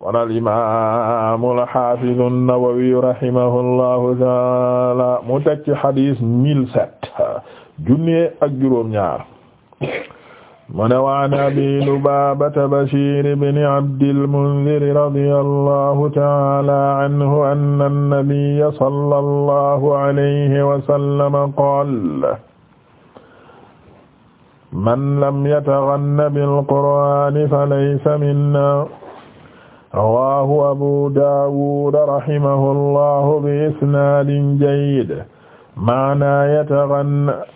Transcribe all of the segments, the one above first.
kon alimamu alhafidu Nawawi rahimahullahu taala mu teg ci hadis mille sept junne ak juróom ñaar mu ne waan abi Lubaabata Bashir ibn Abdil Munzir radiyallahu taala anhu anna nabiyya sallallahu alayhi wa sallam qaala man lam yataghanna bil qur'ani falaysa minna rawaahu abu daawud rahimahu llahu bi isnaadin jayyid maanaa yataghanna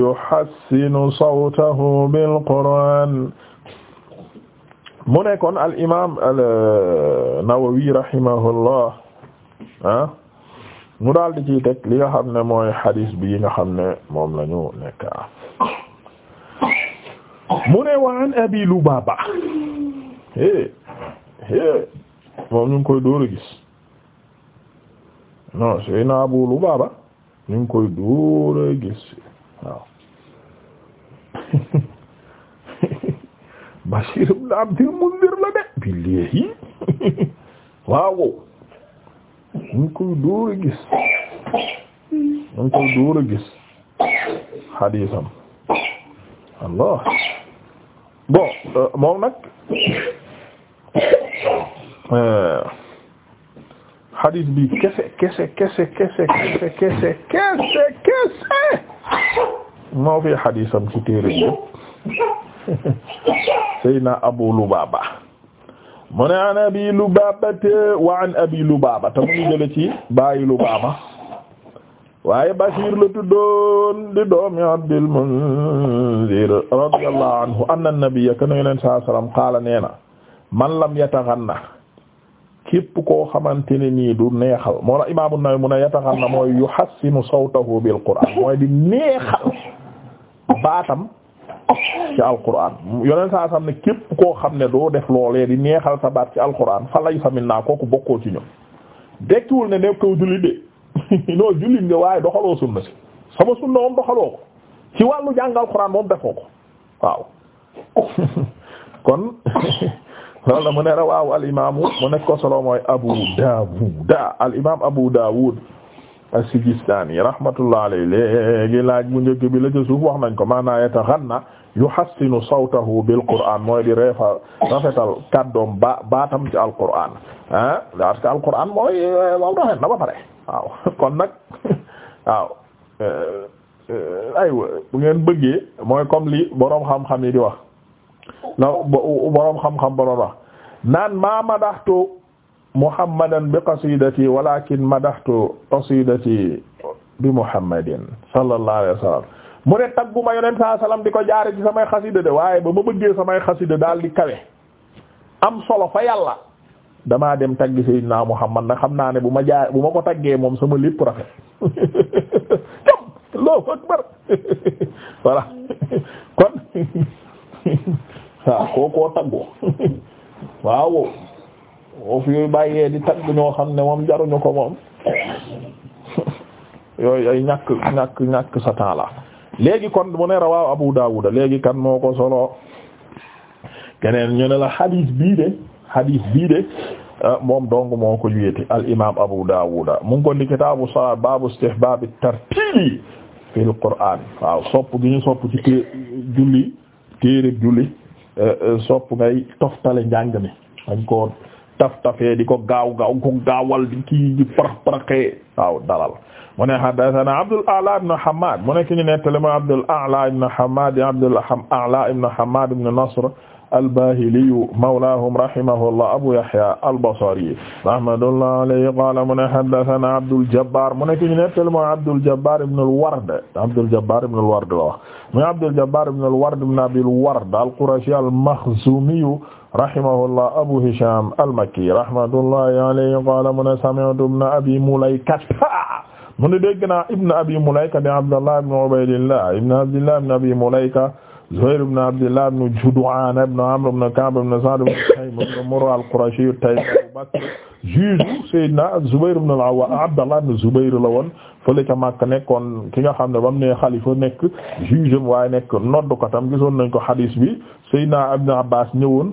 yuhassinu sawtahu bil qur'aan mu nekkoon al imaam al euh, nawawi rahimahullah ah mu daal di ciy teg li nga xam ne mooy xadis bi nga xam ne moom la ñu nekk mu ne waan abi lubaaba eh, moom ñu ngi koy dóor a gis non Seydina Abu Lubaaba ñu ngi koy dóor a gis waaw Bashir Abdil Munzir la de billahi waaw ñu ngi koy dóor gis ñu koy dóor gis xadiisam Allah bon euh, moom nag xadis euh, bi kese kese kese kese kese kese kese kese moo fi xadisam ci téere bi Seydina Abu Lubaaba mu ne an Abi Lubaaba te wa an Abi Lubaaba te mu ngi jële ci baayu Lubaaba waaye Bashir la tuddoon di doomi Abdul Munzir radiyallahu anhu anna nabiyya kana yonent sallallahu alayhi wasallam qaala nee na man lam yataxanna képp koo xamante ne nii du neexal moo la imaamu Nawawi mu ne yataxanna mooy yuhassinu sawtahu bil qur'an mooy di neexal baatam ci alquran yoneen saa sam ne képp koo xam ne doo def loolee di neexal sa baat ci alquran fa lay fa min naa kooku bokkoo ci ñun dekkiwul ne nekkoo jullit de non jullit nga waaye doxaloo sunna si sama sunna moom doxaloo ko ci wàllu jàng alquran moom defoo ko waaw kon loolu la mu ne rawaahu al mu nekk ko solo mooy Abu Daawud al Abu Daawud as-Sijistaani rahmatullah alayhi léegi laaj bu njëkk bi la ca wax nañ ko maanaa yataghanna yuhassinu sawtahu bil Qur'aan mooy di reefa rafetal kàddoom baatam ci Alqur'aan ah parce que Alqur'aan mooy eh, waaw rafet na ba pare waaw kon nag waaw eh, eh, aywa bu ngeen bëggee mooy comme li boroom xam-xam yi di wax. la boroom xam-xam ba doon wax naan ma madaxtu muhammadan bi qasidati walakin madaxtu qasidati bi muhammadin sallallahu alayhi wa mu ne tagguma yonent saa sallam di ko jaare ci samay xasida de waaye ba ma bëggee samay xasida daal di kawe am solo fa yàlla damaa dem tagg sayyidina muhammad nag xam naa ne bu ma jaar bu ma ko taggee moom sama lépp rafet Allahu akbar voilà kon waaw kookoo taggu waaw woo fi bàyyee di tagg ñoo xam ne moom jaruñu ko moom yooyu ay ñàkk ñàkk ñàkk sa léegi kon mu ne rawaaw Abu Dawud léegi kan moo ko solo keneen ñu ne la hadith bii bii de ah, moom dong moo ko wéete al imaam Abu Dawud mu ko di kitaabu baabu istihbaab tartiili fil qur'aan waaw sopp gi ñu sopp ci té julli Eh, eh, sopp ngay toftale njàng mi dañ ko taf tafee di ko gaaw gaaw ko gaawal di kii di parax paraxee waaw dalal mu ne hadathana Abdul A'la ibn Hammad mu ne ki ñu nettali ma Abdul A'la ibn Hammad Abdul A'la ibn Hammad ibn Nasr albahiliyu mawlaahum rahimahullah abu yahya albasri rahmatullah alayhi qaala mu ne haddathana abdul jabbar mu ne ki ñu nettali mooy abdul jabbar ibn al ward abdul jabbar ibn al ward la wax muy abdul jabbar ibn al ward ibn abil ward al qurashi al makhzumiyu rahimahullah abu hisham al makki rahmatullahi alayhi qaala mu ne sami'tu ibn abi mulaykata mu ne dégg naa ibn abi mulayka bi abdullah ibn ubaydillah ibn abdillah ibn abi mulayka Zuhayr ibn Abdillah ibn Jud'an ibn Amr ibn Ka'b ibn Sa'd ibn Shuhaym ibn Murra al-Qurashi at-Taymi Abu Bakr juge Seydina Zubayr ibn al-Awwam Abdallah ibn Zubayr la woon fële ca Makka nekkoon ki nga xam ne ba mu ne xalifa nekk juge waaye nekk noddukatam gisoon nañ ko hadis bi Seydina Ibn Abbas ñëwoon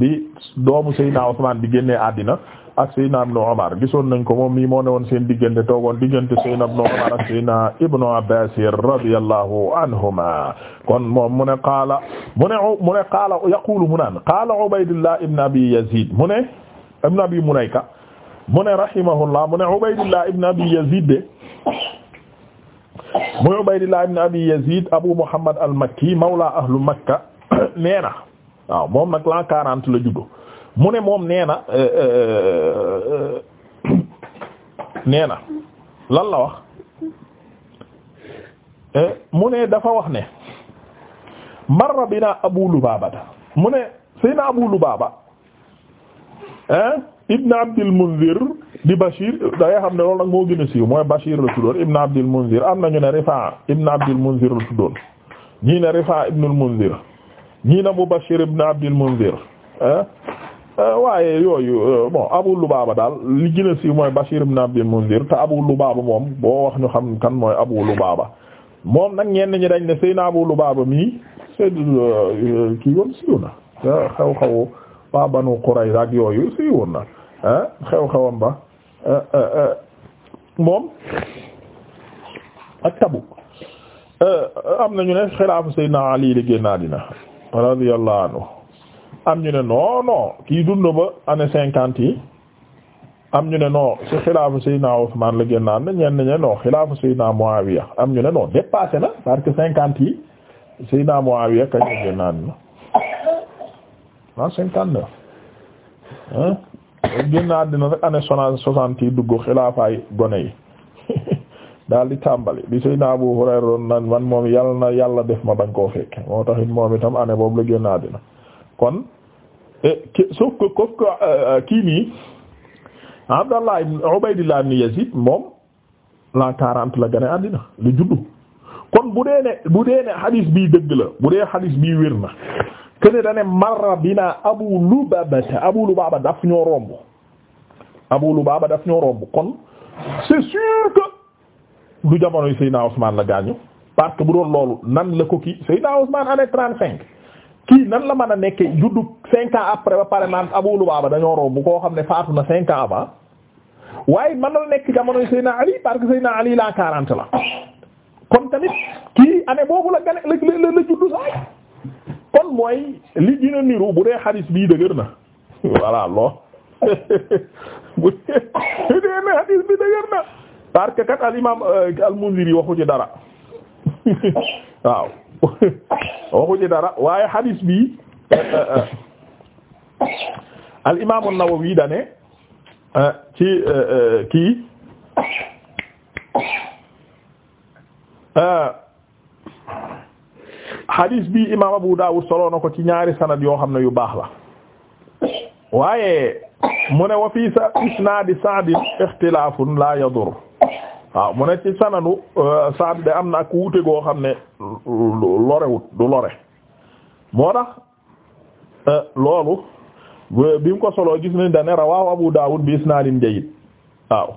bi hmm, doomu Seydina Usman bi génne àddina ak Seydina Ibnu Umar gisoon nañ ko moom mii moo ne woon seen diggante toogoon diggante Seydina Ibnu Umar ak Seydina Ibnu Abbaas radiyallahu anhuma kon moom mu ne qaala mu ne mu ne qaala yaqulu mu naan qaala Ubaydullah ibn Abi Yazid mu ne ibn Abi Mulayka mu ne rahimahullah mu ne Ubaydullah ibn Abi Yazid de muy Ubaydullah ibn Abi Yazid Abu Muhammad al-Makki mawla ahlu Makka nee na waaw moom nag l'an 40 la juddu mu ne moom nee na euh, euh, euh, nee na lan la wax mu ne dafa wax ne marra bina abu lubaabata mu ne sayna abu lubaaba ibn abdil munzir di bashir dangay xam ne loolu nag moo gën siiw mooy bashir la tuddoon ibn abdil munzir am na ñu ne rifaa ibn abdil munzir la tuddoon ñii ne rifaa ibnul munzir ñii ne mubashir ibn abdil munzir Euh, waaye yooyu euh, bon Abu Lubaaba daal li gën a siiw mooy Bashir ibn Abdil Munzir te Abu Lubaaba moom boo wax nu xam kan mooy Abu Lubaaba moom nag ñenn ñi dañ ne Seyna Abu Lubaaba mii sedd euh, kii woon siiw na xew-xew waa Banu Qurayza ak yooyu siiwoon na xew-xewam ba moom ak Tabuk am nañu ne xilaafu Seyna Ali li génn àddina radiyallahu anhu am ñu ne non kii dund ba année cinquante yi am ñu ne non ci xilaafu naa Ousmane la génn ànd ñenn ñi ne non xilaafu Seydina Muawiya am ñu ne non dépassé na parce que cinquante yi Seydina Muawiya kañ la génn ànd na cinquante neuf hein génn àddina rek année soixante yi dugg xilaafaay gone yi daal di tàmbali bi Seydina Abu Hurayra doon naan man moom yàlla na yàlla def ma bañ koo fekk moo taxit moom itam année boobu la génn àddina kon eh, sauf euh, euh, kii nii Abdallah ibn Ubaydillah ibn Yazid moom la quarante la gane àddina lu juddu kon bu dee ne bu dee ne hadis bii dëgg la bu dee hadis bii wir na kene dane marra bina Abu Lubabata Abu Lubaba daf ñoo romb Abu Lubaba daf ñoo romb kon c'est sûr que du jamonoy Seydina Ousmane la gaañu parce bu doon loolu nan la ko kii Seydina Ousmane année cinq kii nan la mën a nekkee juddu cinq ans après ba pare man Abu Lubaaba dañoo romb koo xam ne faatu na cinq ans avant waaye mën na la nekk jamonoy Seydina Ali parce que Seydina Ali la quarante la kon tamit kii année boobu la gane la la juddu sax kon mooy li gën niru bu dee xadis bii dëgër na voilà lool bu dee ne xadis bi dëgër na parce que kat al imam euh, al Munziri waxu ci dara waaw waxu ci dara waaye hadis bi al imaamu Nawawi dane ci kii hadis bi imaam Abu Dawud solo na ko ci ñaari sanad yoo xam ne yu baax la waaye mu ne wa sa isnaadi Sa'd ixtilaafun la yadur waaw mu ne ci sananu euh, Saad de am na ak wuute goo xam ne lorewut du lore moo tax euh, loolu bi mu ko soloo gis nañ dane rawahu Abu Dawud bi isnaadin jayyid waaw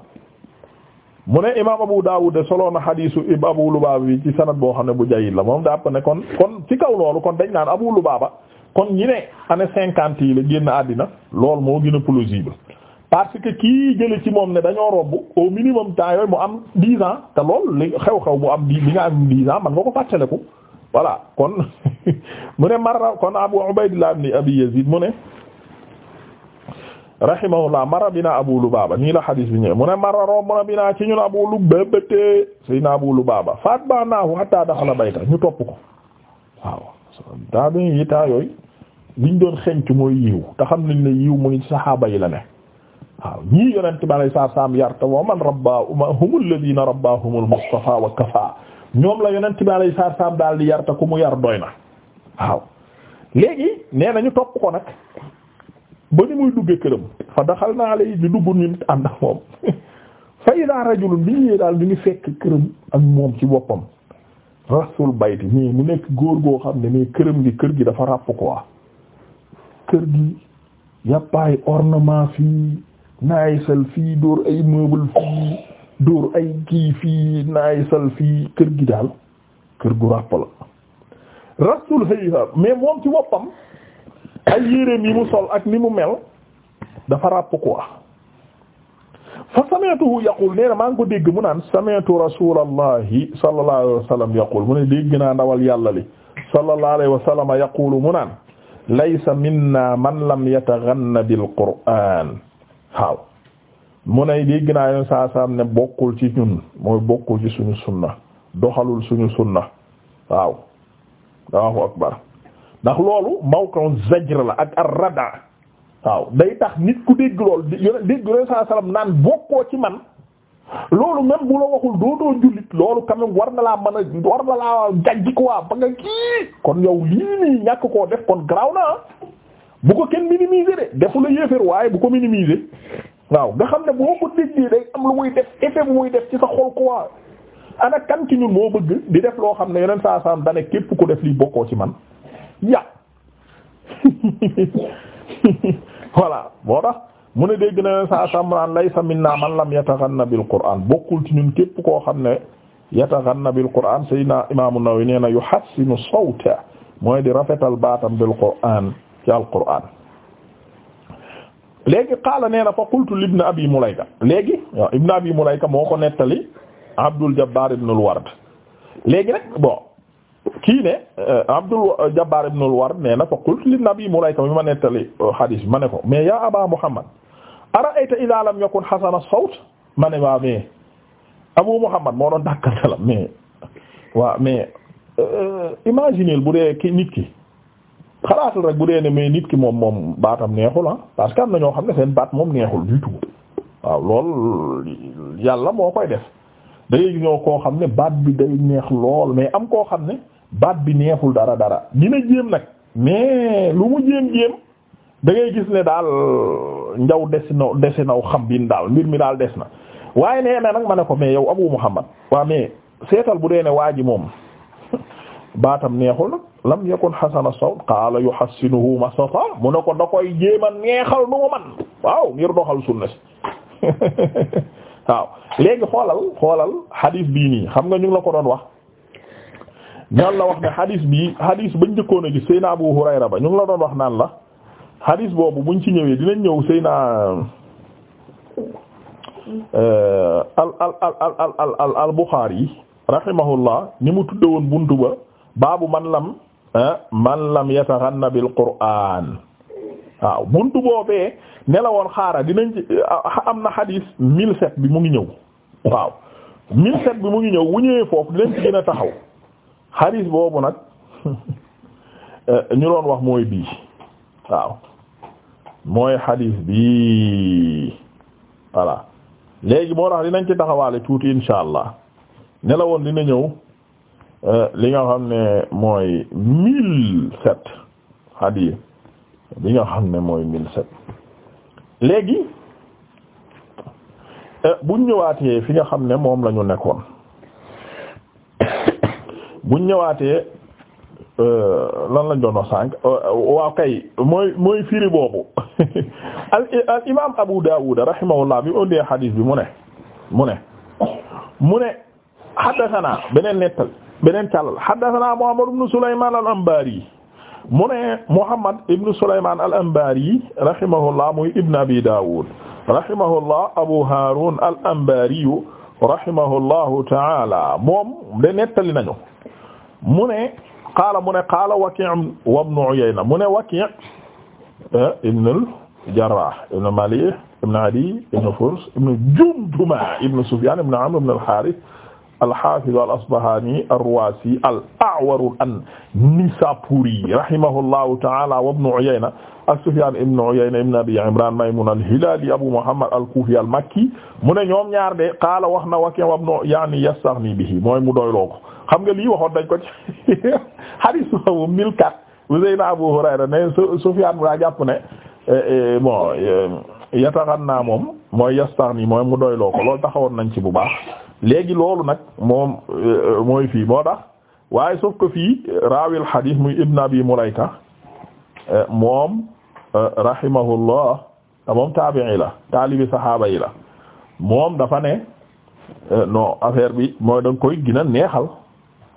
mu ne imaam Abu Dawud de soloon na xadiisu ib Abu Lubaaba bi ci sanad boo xam ne bu jayyid la moom dàpp ne kon kon ci kaw loolu kon dañ naan Abu Lubaaba kon ñi ne cinquante yi la génn àddina loolu moo gën a parce que kii jële ci moom ne dañoo robb au minimum temps yooyu mu am dix te lool li xew-xew mu am di li nga am dix man nga ko fàttaleku voilà kon mu ne marra kon abu ubaydillah ibn abi yazid mu ne rahimahullah marra nii la hadis bi ñëw mu ne marra romb na bina ci ñun abu lubaba te sayna abu lubaba faat ba naahu hatta daxala ñu topp ko waaw daa bi yi temps liñ doon xenc mooy yiw te xam nañ ne yiw mu ngi saxaaba yi la ne waaw ñii yonent bi alay saa saam yar te wa man rabbaahum alladina rabbaahumul Mustafa wa kafa ñoom la yonent bi yi saa saam daal di yar ku mu yar doy na waaw léegi nee nañu topp ko nag ba ni muy duggee këram fa daxal naa lay ñu dugg ñun ànd ak moom fa idaa rajulun bi ñu daal ñu ngi fekk këram ak moom ci boppam rasul bayti nii mu nekk góor goo xam ne nii këram gi kër gi dafa ràpp quoi kër gi yàppaay ornement naay sal fii dóor ay meuble fii dóor ay kii fii naay sal fii kër gi daal kër gu ràpp la rasul hayha mais moom ci boppam ay yéreem yi mu sol ak ni mu mel dafa ràpp quoi fa sami'tuhu yaqul nee na maa ngi ko dégg mu naan sami'tu rasulallahi sallallahu alayhi wa sallam yaqul mu ne dégg naa ndawal yàlla li sallallahu alayhi wa sallam mu naan laysa minna man lam yataghanna bil qur'an waaw mu ne dégg naa yoon saa saam ne bokkul ci ñun mooy bokkul ci suñu sunna doxalul suñu sunna waaw Allahu akbar ndax loolu mawqan zajr la ak ar-rada waaw day tax nit ku dégg lool dégg yoon saa saam naan bokkoo ci man loolu même bu la waxul dootoo jullit loolu quand même war na laa mën a war na laa gàjj quoi ba nga kii kon yow lii nii ñàkk koo def kon garaaw na bu ko kenn minimiser de defu la waaye bu ko minimiser waaw nga xam ne boo ko déggee day am lu muy def effet bu muy def ci sa xol quoi ana kan ci ñun moo bëgg di def loo xam ne yeneen saa saam dane képp ku def li bokkoo ci man ya voilà ne dégg na yeneen saa saam naan laysa minna man lam yataghanna bil qur'an bokkul ci ñun képp koo xam ne yataghanna bil qur'an sayyidina imaamu Nawawi nee na yuhassinu sawta mooy di rafetal baatam bil qur'an ci alquran léegi qaala nee fa qultu libne abi mulayka léegi ibne abi mulayka moo ko nettali abdul jabbar ibn al ward léegi nag bon kii ne euh, abdul jabbar ibn ward nee na fa qultu libne abi mulayka mi ma nettali hadis euh, ma ne ko mais ya aba muhammad ara'ayta idha lam yakun hasana sawt ma ne waa mais abu muhammad moo doon dàkkantalam mais waa mais euh, imaginez bu dee ki nit ki xalaatul rek bu dee ne mais nit ki moom moom baatam neexul ah parce que am na ñoo xam ne seen baat moom neexul du tout waaw lool yàlla moo koy def da ngay koo xam ne baat bi day neex lool mais am koo xam ne baat bi neexul dara dara dina jéem nag mais lu mu jéem gis ne daal njaw des na desi naw xam bin daal mbir mi daal des na waaye nee na nag ma ne ko mais yow Abu Muhammad waa mais seetal bu dee ne waa ji moom baatam neexul nag lam yakun xasana sawt qaala yuhassinuhu masata mu ne ko da koy jéema neexal nu mu man waaw ngir doxal sunna waaw léegi xoolal xoolal hadith bii nii xam nga ñu ngi la ko doon wax ñaan la wax ne hadith bii hadith bañ njëkkoon a gis Abu Hurayra ba ñu ngi la doon wax naan la hadith boobu buñ ci ñëwee dinañ ñëw Seyna euh, al al al al al al al Bukhari rahimahullah ni mu tudde woon buntu ba baabu man lam Eh? man lam yataxanna bil qur'aan waaw buntu boobee ne la woon xaaral dinañ ci eh, am na xadiis mil sept bi mu ngi ñëw waaw mille sept bi mu ngi ñëw wu ñëwee foofu dinañ ci gën a taxaw xadiis boobu nag eh, ñu doon wax mooy bii waaw mooy xadiis bii voilà léegi moo tax dinañ ci taxawaale tuuti insha allah ne la dina ñëw Euh, li nga xam ne mooy mille sept hadiya li nga xam ne mooy mille sept léegi euh, buñ ñëwaatee fi nga xam ne moom la nekkoon buñ ñëwaatee euh, lan lañ doon sànq waaw kay mooy mooy firi boobu al al imaam Abu Dawud rahimahullah bi ondee hadis bi mu ne mu ne mu ne haddathana beneen nettali beneen càllal haddathana Muhammad ibn Sulayman al-Anbari mu ne Muhammad ibn Sulayman al-Anbari rahimahullah muy ibn Abi Dawud rahimahullah Abu Harun al-Anbari rahimahullahu ta'ala moom de nettali nañu mu ne qaala mu ne qaala Waki' wa ibn Uyayna mu ne Waki' ibn al-Jarrah ibn Malik ibn Adi ibn Furs ibn Jumduma ibn Sufyan ibn Amr ibn al-Harith al-Hafiz al-Asbahani ar-Ruwasi al-A'war an-Nisapuri rahimahullahu ta'ala wa Ibn Uyayna as-Sufyan ibn Uyayna ibn Abi Imran Maymun al-Hilali Abu Muhammad al-Kufi al-Makki mu ne ñoom ñaar de qaala wax na wake wam no yaani yastaghni bihi mooy mu doyloo ko xam nga lii waxoon dañ ko ci hadith boobu 1004 Uzayna Abu Hurayra ne Sufyan daa jàpp ne eh, eh, bon eh, yataghanna moom mooy yastaghni mooy mu doyloo ko loolu taxawoon nañ ci bu baax léegi loolu nag moom euh, mooy fii moo waaye sauf ko fii euh, raawil hadith muy Ibn Abi Mulayka euh, moom rahimahullah te moom taabi'i la taalibi saxaaba yi la moom dafa ne non affaire bi mooy da koy gën a neexal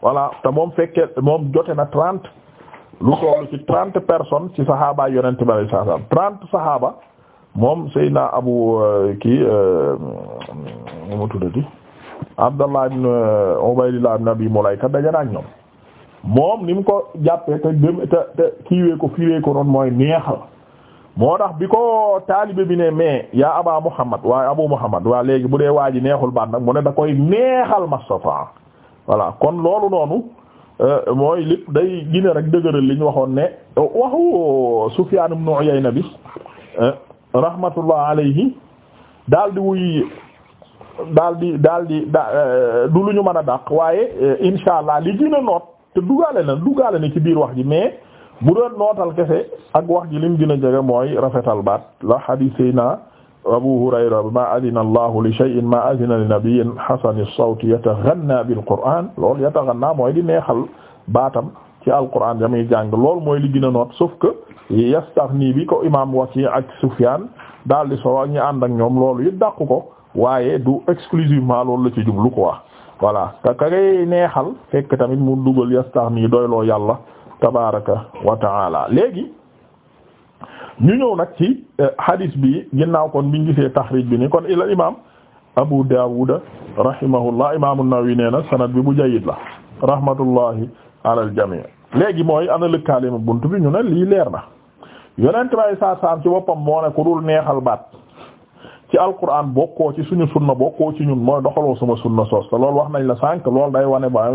wala te moom fekke moom jote na trent lu tollu ci trente personnes ci saxaaba yonent bi alayhi salaam trente saxaaba moom Seydina Abu kii nu mu tuddati Abdallah ibn euh, Ubaydillah ibn Abi Mulayka daje ak ñoom moom ni mu ko jàppee te dem te te kiiwee ko fiiwee ko noonu mooy neexal moo tax bi ko taalibe bi ne mais yaa aba Muhammad waaye abu Muhammad waa léegi bu dee waa ji neexul baat nag mu ne da koy neexal mastafa voilà kon loolu noonu euh, mooy lépp day gine rek dëgëral liñ waxoon ne waxu Sufyaan ibn Uyayna bi euh, rahmatullah alayhi daal di wuy daal di daal di eh, du lu ñu mën a dàq waaye eh, insha li gën a noot te dugaale na dugaale na ci biir wax ji mais bu doon nootal kese ak wax ji li gën a jege mooy rafetal baat la hadis sayna abu hurayra ma adina allahu li shay'in ma adina li nabiyyin hasani sawti yataghanna bil qur'an loolu yataghanna mooy di neexal baatam ci alquran damuy jàng loolu mooy li gën a noot sauf que yastaghni bi ko imam waki ak sufyan daal di solo ak ñi ànd ak ñoom loolu it dàq ko waaye du exclusivement loolu la ci jublu ko voilà te ka ngay neexal fekk tamit mu dugal yastaxni doyloo yàlla tabaraka wa taala léegi ñu ñëw nag ci eh, hadis bi ginnaaw kon biñ gisee taxrij bi ni kon ila imam Abu Dawud rahimahullah imam an-Nawawi nee na sanad bi bu jayyid la rahmatullahi ala al léegi mooy ana lëkkaale ma bunt bi ñu ne lii leer na yonent bay saar saam ci woppam moo ne ku dul neexal baat ci alquran bokkoo ci suñu sunna bokkoo ci ñun mooy doxaloo sama sunna sos te loolu wax nañ la sànq loolu day wane ba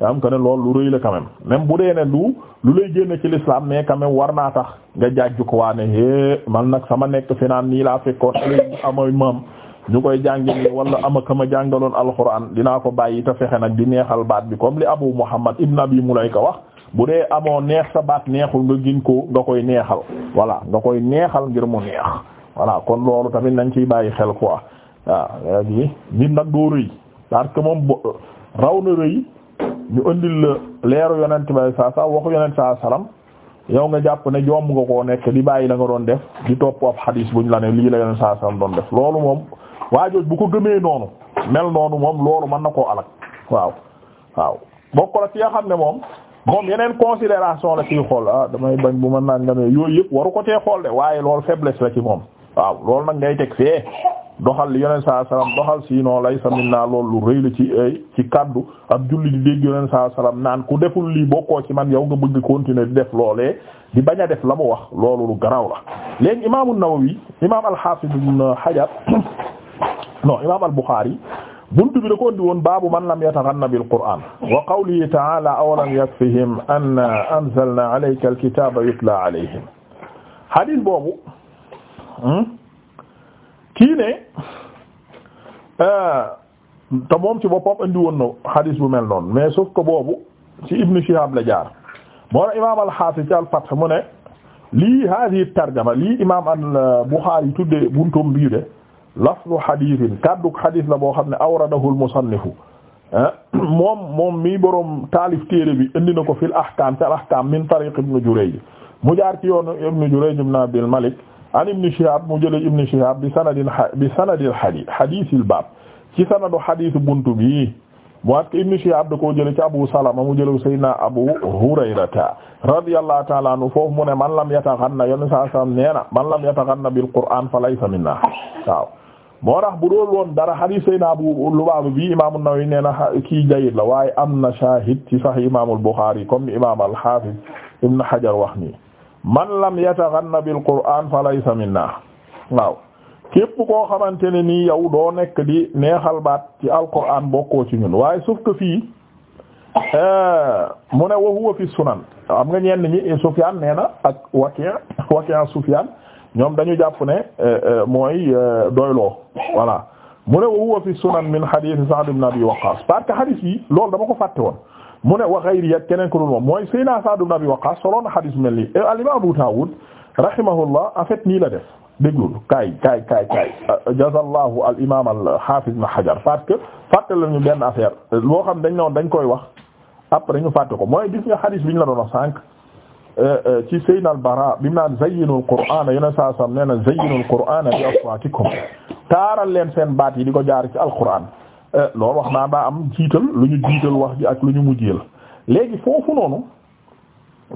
nga am que ne loolu lu rëy la quand même bu dee du lu lay génne ci l'islam mais quand même war naa tax nga jaajju ko waa ne é man nag sama nekk fi naan nii laa fekkoon alé amay maam ñu koy jàngale wala ama kama jàngaloon alquran dinaa ko bàyyi te fexe nag di neexal baat bi comme li Abu Muhammad ibn lay Mulayka wax bu dee amoo neex sa baat neexul nga gin ko nga koy neexal voilà nga koy neexal ngir mu neex voilà kon loolu tamit nañ ciy bàyyi xel quoi waaw léegi nit nag doo rëy parce que moom raw na rëy ñu andil la leeru yonent bi saa saa waxu yonent saa salaam yow nga jàpp ne joom nga koo nekk di bàyyi la nga doon def di topp ab xadiis buñ la ne lii la yonent saa salaam doon def loolu moom waajooj bu ko gëmee noonu mel noonu moom loolu mën na koo alag waaw waaw bokk la ci nga xam ne moom moom yeneen considération la ciy xool ah damay bañ bu ma naan nga ne yëpp waru ko cee xool waaye loolu faiblesse la ci moom waaw loolu nag ngay teg fee doxal li yoneen salaam doxal sinon lay sa min naa lu rëy la ci eh, ci kaddu ab julli di dégg yoneen salaam naan ku deful lii bokkoo ci man yow nga bëgg continuer di def loolee di bañ a def la mu wax loolu lu garaw la léegi imaamu Nawawi imaam al-Hafiz ibn Hajar non imaam al-Bukhari buntu bi da ko indi baabu man lam yataghanna bil qur'an wa qawlihi ta'ala awalam yakfihim anna anzalna alayka al-kitaba yutla alayhim hadith boobu Hmm? kii ne eh, te moom si boppam indi woon na bu mel noon mais sauf que boobu ci Ibn Shihab la jaar moo la imaam al ci al mu ne lii hadihi tarjama lii imaam al-Bukhari tuddee buntum bii de lafdu hadithin kàddug hadith la boo xam ne awradahu al-musannifu eh, moom mii boroom taalif téere bi indi na ko fi ahkam ci al min tariq Ibn Jurayj mu jaar ci yoonu Ibn Jurayj ibn Abdul Malik an ibn Shihab mu jëlee ibn Shihab bi sanadil bi sanadil hadith hadithil baab ci sanadu hadith buntu bi mooy que ibn Shihab da koo jëlee ci Abu Salama mu jëlee Seydina Abu Hurayrata radiyallahu ta'ala anhu foofu mu ne man lam yataghanna yal na saa saam nee na man lam yataghanna bil Qur'an falaysa minna waaw. moo tax bu doon woon dara hadith Seydina Abu Lubaaba bi imaam an-Nawawi nee na kii jayyid la waaye am na shaahid ci Sahih imaamul Bukhari comme imaam al-Hafiz Ibn Hajar wax nii. man lam yataghanna bil qur'an falaysa minna waaw képp koo xamante ne nii yow doo nekk di neexal baat ci alquran bokkoo ci ñun waaye sauf que fii eh, mu ne wa fi sunan xam nga ñenn ñi eh, Sufyan nee na ak Waki' Waki' Sufyan ñoom dañu jàpp ne eh, mooy doyloo voilà mu ne wa huwa fi sunan min hadith Sa'd ibn Abi Waqqas parce que hadith yi loolu dama ko fàtte woon mu ne wa ghayri ak keneen ku dul moom mooy Seydina Sa'd ibn Abi Waqqas soloon na xadis mel nii eh, al imam Abu Dawud rahimahullah en fait nii la def déglul kaay kaay kaay kaay euh, jazallahu al imam al hafiz ibn Hajar parce que fàttali ñu benn affaire loo xam dañ noon dañ koy wax après ñu fàtte ko mooy gis nga xadis bi ñu la doon wax sànq euh, euh, ci Seydina al Bara bi mu naan zayyinul Qur'ana yoneen saa sam nee na zayyinul Qur'ana bi aswaatikum taaral leen seen baat yi di ko jaar ci alquran Eh, loolu wax naa baa am jiital lu ñu jiital wax ji ak lu ñu mujjeel léegi foofu noonu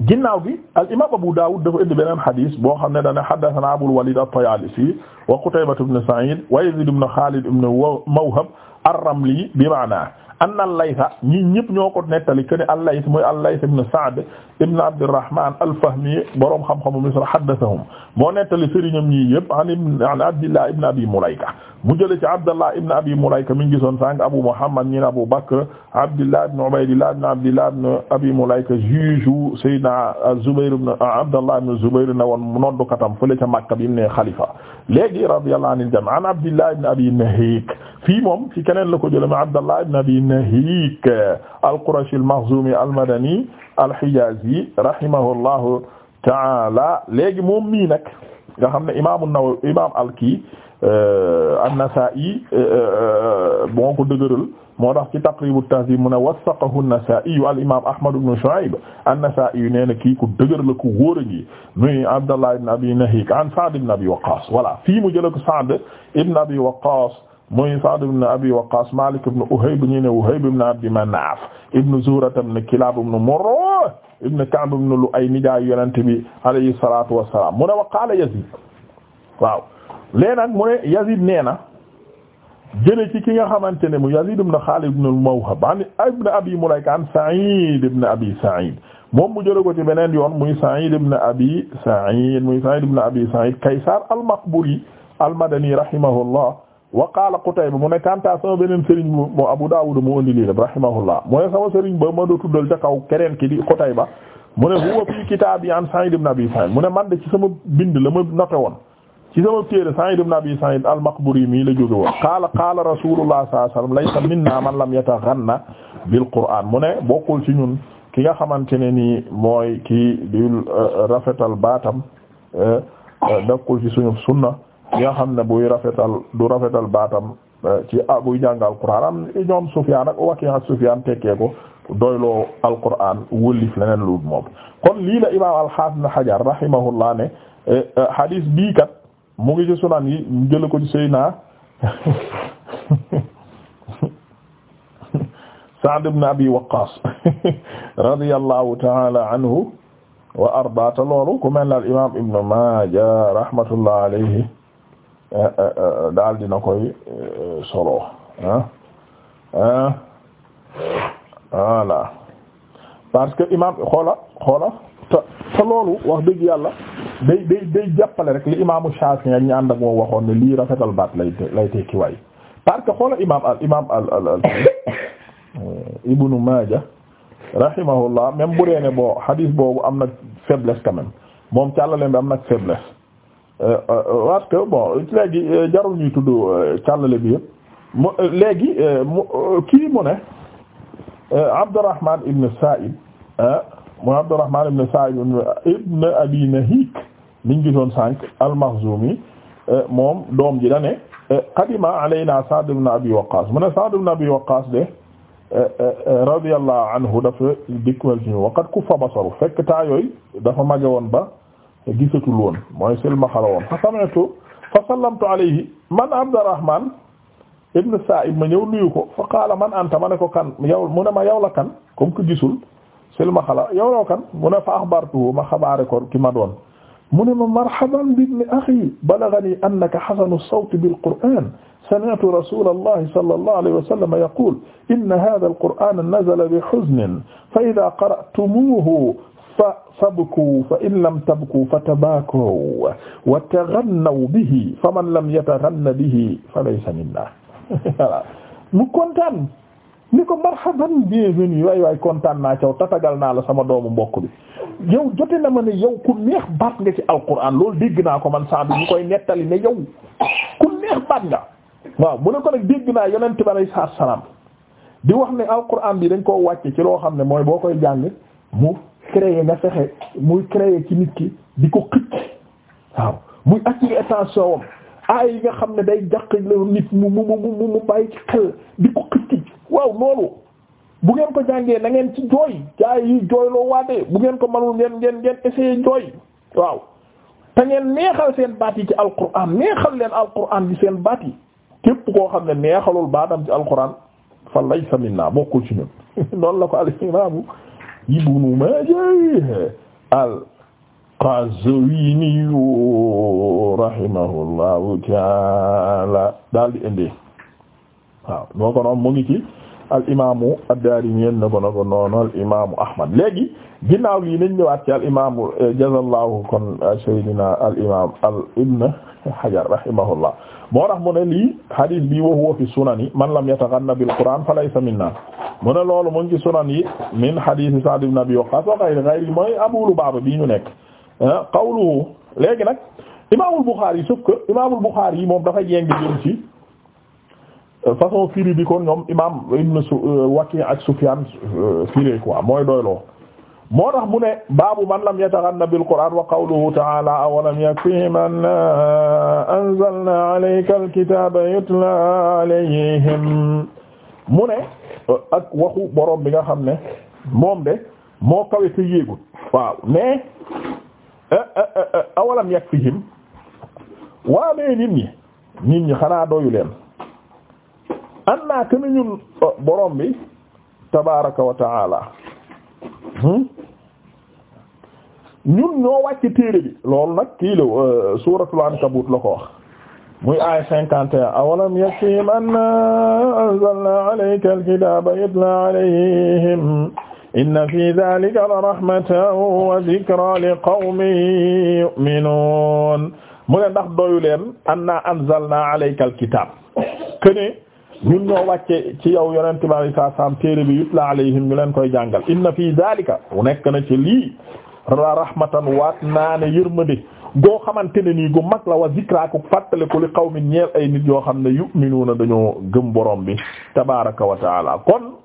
ginnaaw bi al imaam Abu Dawud dafa beneen xadis boo xam ne dana haddathana Abul Walid at-Tayalisi wa Qutaybah ibn Sa'id wa Yazid ibn Khalid ibn Mawhab ar-Ramli bi maana anna al-Layth ñi ñëpp ñoo ko nettali que ne al-Layth mooy al-Layth ibn Sa'd ibn Abdurrahman al-Fahmi boroom xam-xamu Misr haddathahum moo nettali sëriñam ñii yëpp an Abdillah ibn Abi Mulayka mu jële ci Abdallah ibn Abi Mulayka mi ngi gisoon sànq Abu Muhammad ñi Abu Bakr Abdillah ibn Ubaydillah ibn Abdillah ibn Abi Mulayka juge Seydina Zubayr ibn Abdallah ibn Zubayr ne woon noddukatam fële ca Makka bi mu ne xalifa léegi radiyallahu anil jami an Abdillah ibn Abi Nahik fii moom ci keneen la ko jële ma Abdallah ibn Abi Nahik al-Qurashi al-Makhzumi al-Madani al-Hijazi rahimahullahu ta'ala léegi moom mii nag nga xam ne imaamu Nawawi imaam al-Kii Euh, an-Nasa'i moo euh, euh, ko dëgëral moo tax ci Taqrib at-Tahdhib mu ne wathaqahu an-Nasa'i al-imam Ahmad ibn Shu'ayb an-Nasa'i nee na kii ku dëgër la ku wóor a ngi muy Abdallah ibn Abi Nahik an Sa'd ibn Abi Waqqas voilà fii mu jël ko Sa'd ibn Abi Waqqas muy Sa'd ibn Abi Waqqas Malik ibn Uhayb ñu ne Uhayb ibn Abd Manaf ibn Zuhra ibn Kilab ibn Murra ibn Ka'b ibn Lu'ay nijaay Yonent bi alayhi salaatu wa salaam mu ne wa qaala Yazid waaw léegi nag mu ne Yazid nee na jële ci ki nga xamante ne mu Yazid ibn Khalid ibn al-Mawhab an ibn Abi Mulayka an Sa'id ibn Abi Sa'id moom mu jële ko ci beneen yoon muy Sa'id ibn Abi Sa'id muy Sa'id ibn Abi Sa'id Kaysar al-Maqburi al-Madani rahimahullah wa qala Qutayba mu ne kanta sama beneen sëriñ mo Abu Dawud mu indi lii rahimahullah mu ne sama sëriñ ba ma do tuddal ca kaw keneen ki di Qutayba mu ne huwa fi kitaabi an Sa'id mu man de ci sama bind la ma noté woon ci sa téere Sa'id ibn Abi Sa'id al-Maqburi mii la jóge woon qaala qaala Rasulullah sallallahu alayhi wasallam laysa minna man lam yataghanna bil Qur'an mu ne bokkul ci ñun ki nga xamante ne nii mooy kii di euh, euh, rafetal baatam dakkul euh, ci suñu sunna ki nga xam ne buy rafetal du rafetal baatam ci ah, buy jàngal Qur'an am ñoom Sufyaan ak Waki' ak Sufyaan tekkee ko doyloo Alqur'an wëlif leneen moom kon lii la imaam al-Hafiz Hajar rahimahullah ne hadis bii kat. mu ngi ci sunan yi mu jël ko ci Seyna ta'ala anhu wa arda ta ku mel ne al imaam Ibn Maaja rahmatullah alayhi eh, eh, eh, daal dina koy solo ah ah parce que imaam xoola xoola. te te loolu wax dëgg yàlla day day day jàppale rek li imaamu Shafi'i ak ñi ànd ak moom waxoon ne lii rafetal baat lay lay tekki waay parce que xoola imaam al imaam al al al Ibnu Maaja rahimahullah même bu dee ne boo hadis boobu am nag faiblesse quand même moom càllale bi am nag faiblesse euh, euh, parce que bon léegi euh, jarul ñuy tudd càllale bi yëpp mu léegi kii mu ne Abdurrahman ibn Sa'id mu Abdurrahman ibn Sa'id ibn Abi Nahik liñ gisoon sànq al-Makhzumi eh, moom doom ji da ne eh, qadima alayna Sa'd ibn Abi Waqqas mu ne Sa'd ibn Abi Waqqas de eh, radiyallahu anhu dafa dikkwal ci wa qad kuffa basaru fekk taa yooyu dafa mage woon ba gisatul woon mooy silma xala woon fa sami'tu fa sallamtu alayhi man Abdurrahman ibn Sa'id ma ñëw nuyu ko fa qaala man anta ma ne ko kan yow mu ne ma yow la kan comme que gisul silmaxa la yow loo kan mu ne fa axbartu ma xabaare ko ki ma doon mu ne ma marhaban bi ibni axi balaghani annaka xasanu sawti bil qur'aan sami'tu rasuulallahi sallallahu alayhi wa sallam yaqul inna haadhal qur'aana nazala bi huznin fa idhaa qara'tumuuhu fa fabkuu fa in lam tabkuu fa tabaakaw wa taghannaw bihi faman lam yataghanna bihi falaysa minnaa voilà mu kontaan ni ko marhaban bienvenue waay waay kontaan naa caw tatagal naa la sama doomu mbokk bi yow jote na ma ne yow ku neex baat nga ci alquran loolu dégg naa ko man saa bi ñu koy nettali ne yow ku neex baat nga waaw mu ne ko nag dégg naa yonent bi alayhi salaatu salaam di wax ne alquran bi dañ koo wàcce ci loo xam ne mooy boo koy jàng mu créer nga fexe muy créer ci nit ki di ko xëcc waaw muy attirer attention wam aay yi nga xam ne day jàq la nit mu mu mu mu mu bàyyi ci xel di ko xëcc waaw loolu bu ngeen ko jàngee na ngeen ci jooy jaay yi jooy loo waatee bu ngeen ko manul ngeen ngeen ngeen essayer jooy waaw te ngeen neexal seen baat yi ci alquran neexal leen alquran bi seen baat yi képp koo xam ne neexalul baatam ci alquran fa laysa minna bokkul ci noonu la ko al imaamu Ibnu Maaja al Qazwini rahimahullahu taala daal di indi waaw noo ko noonu mu ngi ci al imaamu ad-Daarimi na ko na ko noonu al imaamu Ahmad léegi ginnaaw lii nañ ñëwaat ci al imaamu eh, jazallahu kon eh, sayyidina al imaam al ibn Hajar rahimahullah moo tax mu ne lii hadith bi wa huwa fi sunani man lam yataghanna bil Qur'an falaysa minna mu ne loolu mu ngi ci sunan yi min hadith Sa'd ibn Abi Waqqas wa ghayri ghayri mooy Abu Lubaba bi ñu nekk. Ah qawluhu léegi nag imaamul Buxaari sauf que imaamul Buxaari yi moom dafa yeng jëm ci façon firi bi kon ñoom imaam ibn euh, ak Sufyaan euh, firi quoi mooy doyloo moo tax mu ne baabu man lam yataghanna bil qur'an wa qawluhu ta'ala awalam yakfihim anna anzalna alayka alkitaba yutla alayhim mu ne euh, ak waxu borom bi nga xam ne moom de moo kawe te yéegul waaw mais Eh, eh, eh, awalam yakfihim waa mais nit ñi nit ñi xanaa doyu leen an naa kën ñun oh, borom bi tabaraka wa hmm? ñun ñoo wàcc téere bi loolu nag kii la euh, suuratul ankabut la ko wax muy aaya cinquante awalam yakfihim anna anzalna alayka alkitaba yutla alayhim inna fi dhalika la rahmatan wa dhikra li qawmin yu'minun mu ne ndax doyu leen anna anzalna alayka alkitab kene ñu ñoo wàcce ci yow yonent bi alayhi salaam téere bi yutla alayhim ñu leen koy jàngal inna fi dhalika nekk na ci lii la rahmatan waat naa ne yërmande goo xamante ne ni gu mag la wa zikra ku fàttale ko li qawmin ñeel ay nit yoo xam ne yu'minuuna dañoo gëm borom bi tabaaraka wa ta'ala kon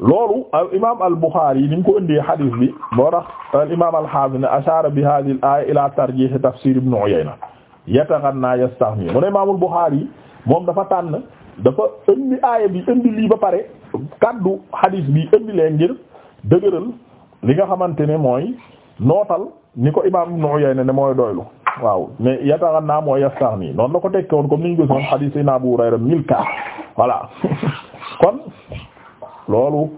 loolu al imaam al Buxaari yi ni mu ko ëndee xadis bi boo tax al imaam al xaafis ne ashaara bi haadihil aaya ila tarjiih tafsiir ibnu Uyayna yataxannaa yastaxni mu ne imaamul Buxaari moom dafa tànn dafa ëndi aaya bi ëndi lii ba pare kàddu xadis bi ëndi leen ngir dëgëral li nga xamante ne mooy nootal ni ko imaam ibnu Uyayna ne mooy doylu waaw mais yataxannaa mooy yastaxni noonu la ko tekkoon comme ni ñu gisoon xadis Abu Hurayra 1004 voilà kon. loolu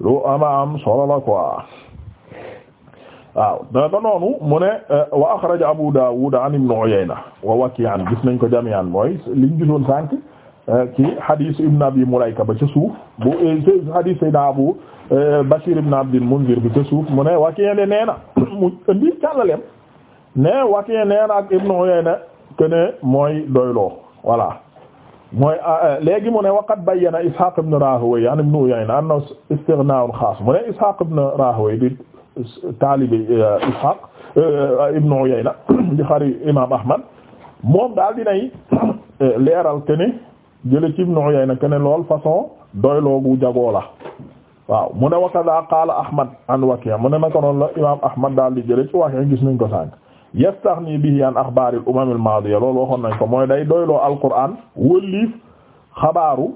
lu ama am solo la quoi waaw daga noonu mu ne euh, wa akhraja Abu Dawud an Ibn Uyayna wa Waki'an gis nañ ko jami'an mooy liñ gisoon sànq euh, ci hadith Ibn Abi Mulayka ba ca suuf bu hadith euh, Sayyidina Bashir ibn Abdil Munzir bi ca suuf mu ne Waki'an nee na mu indi càllaleem ne mooy doyloo voilà mooy ah, eh, léegi mu ne waqad bayyana Ishaq ibn Rahawayh an Ibn Uyayna anna istighnaa'un xaas mu ne Ishaq ibn Rahawayh di taalibi eh, Ishaq eh, ibn Uyayna di xari Imaam Ahmad moom daal dinay leeral te ne jële ci Ibn Uyayna ke lool façon doyloo gu jagoo waaw mu ne waqad qaala Ahmad an Waki' mu ne naka noonu la Imaam daal di jële ci Waki' gis nañ ko sànq yastaghni bihi an axbaaril umamil maadiya loolu waxoon nañ ko mooy day doyloo alquran wëlliif xabaaru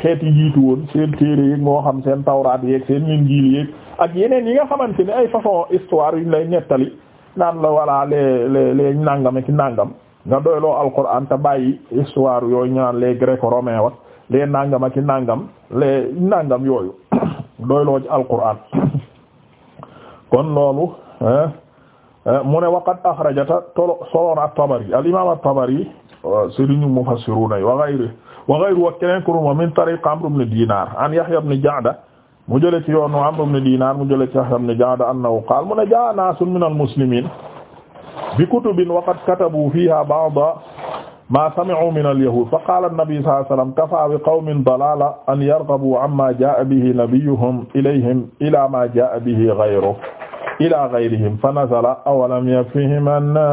xeet yi jiitu woon seen téere yeeg moo xam seen tawraat yeeg seen injiil yeeg ak yeneen yi nga xamante ne ay façon histoire yuñ lay nettali naan la walla les les les nangam nangam nga doyloo alquran te bàyyi histoire yooyu ñu naan les gréco-romains wax les nangam ki nangam les nangam yooyu doyloo ci alquran kon loolu. Eh, mu ne waqad akhrajata tolo soloon at-Tabari al-imam at-Tabari sëriñu mufassiruna wa ghayru wa ghayru wa keneen ku ma min tariq Amr ibn Dinar an Yahya ibn Ja'da mu jële ci yoonu Amr ibn Dinar mu jële ci Yahya ibn Ja'da annahu qaala mu ne jaa'a naasun min al-muslimin bi kutubin wa qad katabu fiha ba'da ma sami'u min al-yahud fa qaala an-nabi sallallahu alayhi wa sallam kafaa bi qawmin dalaalan an yarghabu amma jaa'a bihi nabiyyuhum ilayhim ilaa ma jaa'a bihi ghayruhu ila gayrihim fa nazala awalam yakfihim anna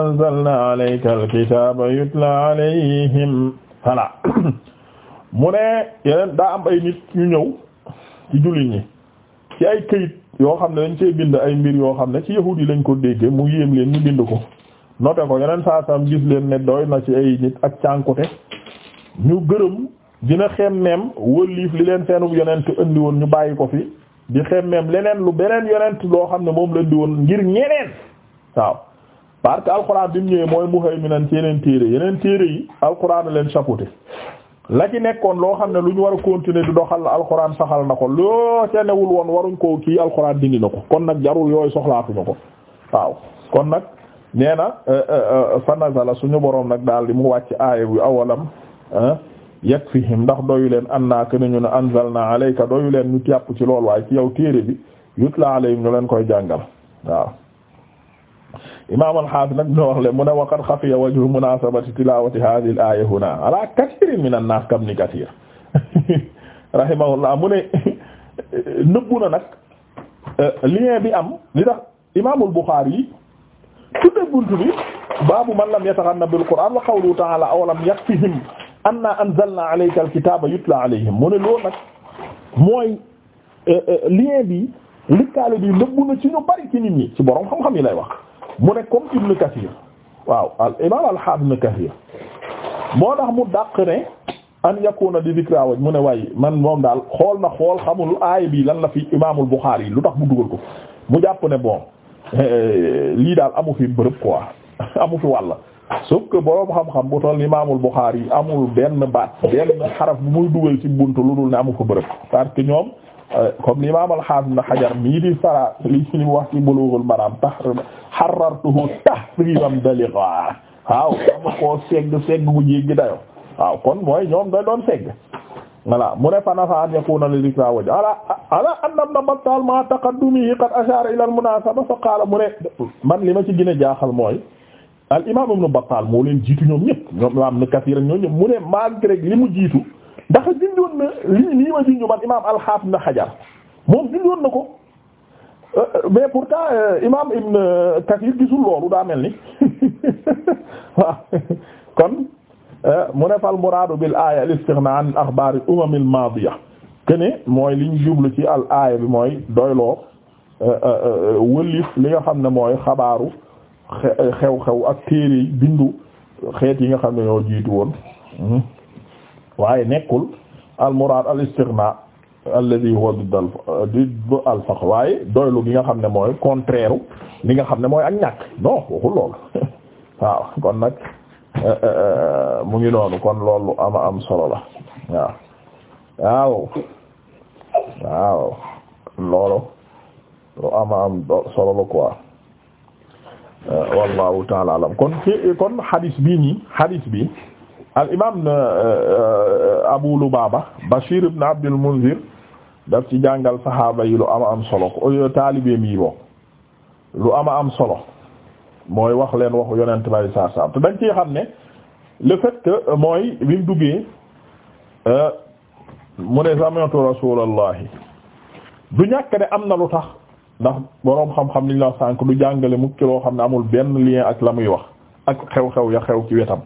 anzalna alayka alkitaba yutla alayhim voilà mu ne yeneen daa am ay nit ñu ñëw ci jullit ñi ci ay këyit yoo xam ne dañ cee bind ay mbir yoo xam ne ci yahuud yi lañ ko déggee mu yéem leen ñu bind ko noté ko yeneen saa sam gis leen ne doy na ci ay nit ak cànkute ñu gërëm dina xem neem wëlliif li leen seenum yonent indi woon ñu bàyyi ko fi di xemmeem leneen lu beneen yonent loo xam ne moom la di woon ngir ñeneen waaw parce que alxuraan bi mu ñëwee mooy muhayminan ci yeneen téere yeneen téere yi alxuraan leen chapeauté la ci nekkoon loo xam ne lu ñu war a continuer di doxal alxuraan saxal na ko loo ca newul woon waruñ koo kii alxuraan dindi na ko kon nag jarul yooyu soxlaatuñu ko waaw kon nag nee na euh, euh, euh, fa suñu boroom nag daal di mu wàcc aaya bu awalam yakfihim ndax doyu leen anna kana ñu ne anzalna alayka doyu leen ñu jàpp ci lool waaye ci yow téere bi yutla alayhim ñu leen koy jàngam waaw imam al nag dina wax le mu ne waqad xafiya wajhu munasabati tilawati hadhihi al-aya huna ala kathirin min an-nas kam ni kathir rahimahullah mu ne nëbbu na nag euh, lien bi am li tax imaamul Buxaari yi tudde buntu bi baabu man lam yataxanna bil Qur'an wa qawlu ta'ala aw lam yakfihim anna anzalna alayka alkitaba yutla alayhim mu ne loolu nag mooy euh, euh, lien bi likkaale bi nëbbu na ci ñu bari ci nit ñi ci boroom xam-xam yi lay wax mu ne comme ibn kathir waaw al imam al-hafiz kathir moo tax mu dàq ne an yakuna di dikra waj mu ne waaye man moom daal xool na xool xamul aay bi lan la fi imamul bukhari yi lu tax mu dugal ko mu jàpp ne bon euh, lii daal amu fi bërëb quoi amu fi wàlla sauf que boroom xam-xam bu toll imaamul Buxaari yi amul benn baat benn xaraf bu muy dugal ci buntu lu dul ne amu fa bërëb parce que ñoom euh, comme l'imam al-Hafiz Ibn Hajar mii di fara li ñu wax ci Bulughul Maram harrartuhu tahriran baligha waaw dama koo segg segg waaw kon mooy ñoom da doon segg voilà mu ne fa nafa an yakuna li dhikra wajh ala ala anna Ibn Battal ma taqaddumihi qad ashara ila al-munasaba fa qala mu ne man li ma ci gën jaaxal mooy al imaam Ibn Battal moo leen jiitu ñoom ñëpp ñoom am na Kathir ñoom ñëpp mu ne malgré li mu jiitu ndax junjoon na lii lii ma junjoon man imaam al-Hafiz Ibn moom junjoon na ko mais pourtant euh, imaam Ibn Kathir gisul loolu daa mel ni waaw kon euh, mu ne fal muraadu bil aaya al-istighna an akhbaar al maadiya kene mooy liñ jublu ci al aaya bi mooy doyloo euh, wëlif li nga xam ne mooy xabaaru. Euh, xew-xew ak téere bindu xeet yi nga xam ne ñoo jiitu woon hmm. waaye nekkul al muraad al istighna alladhi huwa didd al faqr waaye doylu gi nga xam ne mooy contraire li nga xam ne mooy ak ñàkk non waxul loolu waaw kon nag euh, euh, mu ngi noonu kon loolu ama am solo la waaw waaw loolu lu ama am solo la quoi Euh, wallahu taala kon ci kon hadith bii nii hadith bi al imam euh, euh, Abu Lubaba Bashir ibn Abdul Munzir daf ci jàngal saxaaba yi lu ama am solo taalibeem yi bokk lu ama am solo mooy wax leen waxu yonent bari te dañ ci xam ne le fait que mooy bi mu duggee mu ne sami'tu rasulallahi du ñàkk ne am na lu tax ndax boroom xam-xam liñ la sànk du jàngale mu kilo xam ne amul benn lien ak la muy wax ak xew-xew ya xew ki wetam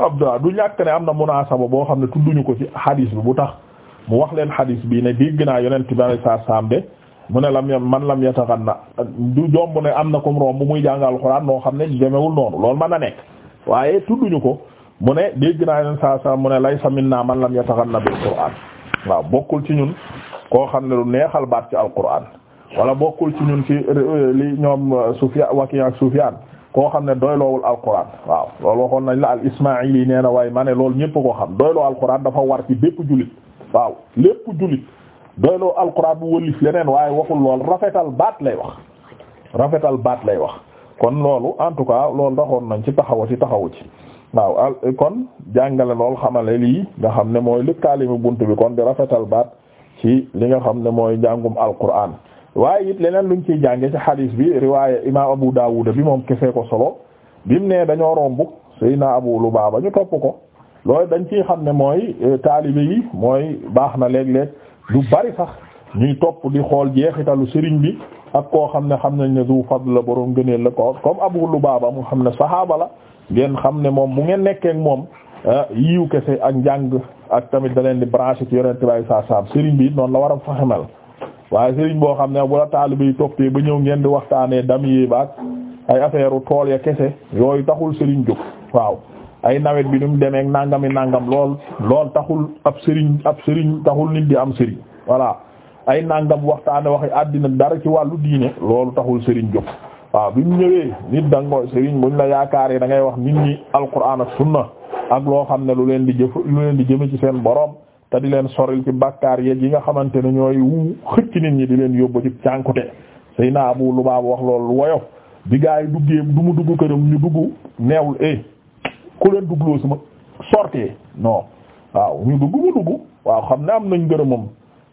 abdoulah du ñàkk ne am na munaasaba boo xam ne tudduñu ko ci hadis bi bu tax mu wax leen hadis bi ne dégg naa yonent bi alai saat saam de mu ne lam man la lam yataxanna du jomb ne am na comme romb muy jàngal xuraan noo xam ne demewul noonu loolu mën na nekk waaye tudduñu ko mu ne dégg naa yonent saa saa mu ne laysa minna man lam yataxanna bil qur'aan waaw bokkul ci ñun koo xam ne lu neexal baat ci alquran wala bokkul ci ñun ci li ñoom Sufyan Waki' ak Sufyan koo xam ne doyloowul alquran waaw loolu waxoon nañ la al Ismaa'ili yi nee na waaye ma ne loolu ñëpp koo xam doyloo alquran dafa war ci bépp jullit waaw lépp jullit doyloo alquran bu wëlif leneen waaye waxul lool rafetal baat lay wax rafetal baat lay wax kon loolu en tout cas loolu daxoon nañ ci taxawa ci taxawu ci waaw kon jàngale lool xamale lii nga xam ne mooy lëkkaali bunt bi kon di rafetal baat si li nga xam ne mooy njàngum alquran waaye it leneen luñ ciy jànge ci hadis bi riwaaye imaam Abu Dawud bi moom kefee ko solo bim ne dañoo romb Seydina Abu Lubaaba ñu topp ko loolu dañ fi xam ne mooy euh, taalibe yi mooy baax na léeg-léeg du bari sax ñuy topp di xool jeexitalu sëriñ bi ak koo xam ne xam nañ ne du fadl la borom gën la ko comme Abu baaba mu xam ne saxaaba la ngeen xam ne moom bu ngeen nekkee moom. Ah, yiw kese ak njàng ak tamit da leen di branché ci yonent bay saa saam sëriñ bi noonu la war a faxemal waaye sëriñ boo xam ne bu la taalibe yi toppee ba ñëw ngeen di waxtaanee dam yi baak ay affaire tool ya kese yooyu taxul sëriñ jóg waaw ay nawet bi nu mu demee nangami nangam lool lool taxul ab sëriñ ab sëriñ taxul nit di am sëriñ voilà ay nangam waxtaane waxi àddina dara ci wàllu diine loolu taxul sëriñ jóg waaw bi mu ñëwee nit da nga sëriñ buñ la yaakaaree da ngay wax nit ñi alquran ak sunna ak loo xam ne lu leen di jëf lu leen di jëme ci seen boroom te di leen soril ci bakkaar yeeg yi nga xamante ne ñooy wu xëcc nit ñi di leen yóbbu ci cànkute sëy na Abu Lubaab wax loolu woyof bi gaa yi duggee du mu dugg këram ñu dugg neewul eh ku leen dugloo suma sortee non waaw ñu dugg mu dugg waaw xam ne am nañ gërëmam